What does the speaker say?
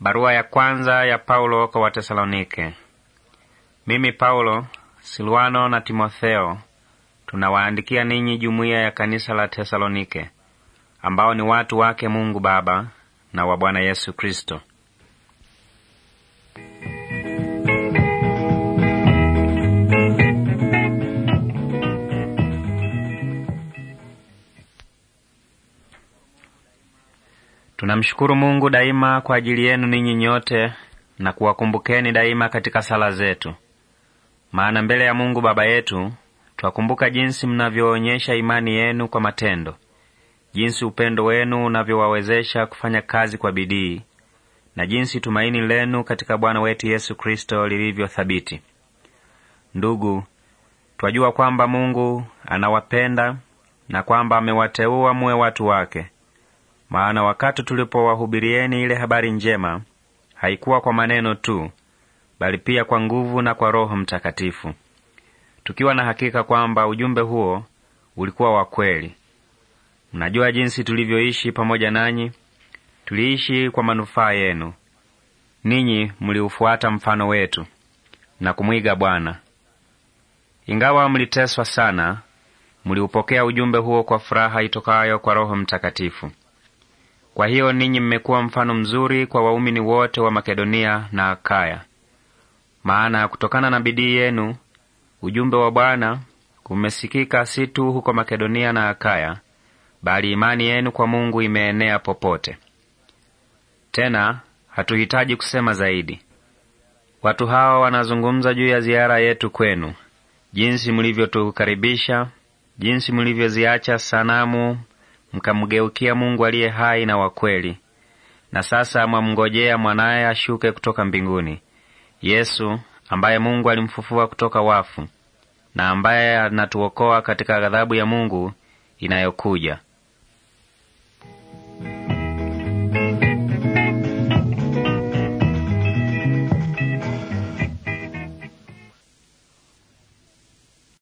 Barua ya kwanza ya Paulo kwa Watesalonike. Mimi Paulo, Silwano na Timotheo tunawaandikia ninyi jumuiya ya kanisa la Tesalonike, ambao ni watu wake Mungu Baba na wa Bwana Yesu Kristo. Tunamshukuru Mungu daima kwa ajili yenu ninyi nyote na kuwakumbukeni daima katika sala zetu, maana mbele ya Mungu Baba yetu twakumbuka jinsi mnavyoonyesha imani yenu kwa matendo, jinsi upendo wenu unavyowawezesha kufanya kazi kwa bidii na jinsi tumaini lenu katika Bwana wetu Yesu Kristo lilivyo thabiti. Ndugu, twajua kwamba Mungu anawapenda na kwamba amewateua muwe watu wake maana wakati tulipowahubirieni ile habari njema, haikuwa kwa maneno tu, bali pia kwa nguvu na kwa Roho Mtakatifu, tukiwa na hakika kwamba ujumbe huo ulikuwa wa kweli. Mnajua jinsi tulivyoishi pamoja nanyi, tuliishi kwa manufaa yenu. Ninyi mliufuata mfano wetu na kumwiga Bwana. Ingawa mliteswa sana, mliupokea ujumbe huo kwa furaha itokayo kwa Roho Mtakatifu, kwa hiyo ninyi mmekuwa mfano mzuri kwa waumini wote wa Makedonia na Akaya, maana kutokana na bidii yenu ujumbe wa Bwana umesikika si tu huko Makedonia na Akaya, bali imani yenu kwa Mungu imeenea popote. Tena hatuhitaji kusema zaidi. Watu hawa wanazungumza juu ya ziara yetu kwenu, jinsi mlivyotukaribisha, jinsi mlivyoziacha sanamu mkamgeukia Mungu aliye hai na wakweli na sasa mwamngojea mwanaye ashuke kutoka mbinguni, Yesu ambaye Mungu alimfufua kutoka wafu, na ambaye anatuokoa katika ghadhabu ya Mungu inayokuja.